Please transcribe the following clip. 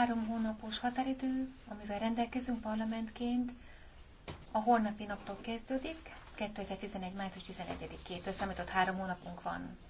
három hónapos határidő, amivel rendelkezünk parlamentként, a holnapi naptól kezdődik, 2011. május 11-től számított három hónapunk van.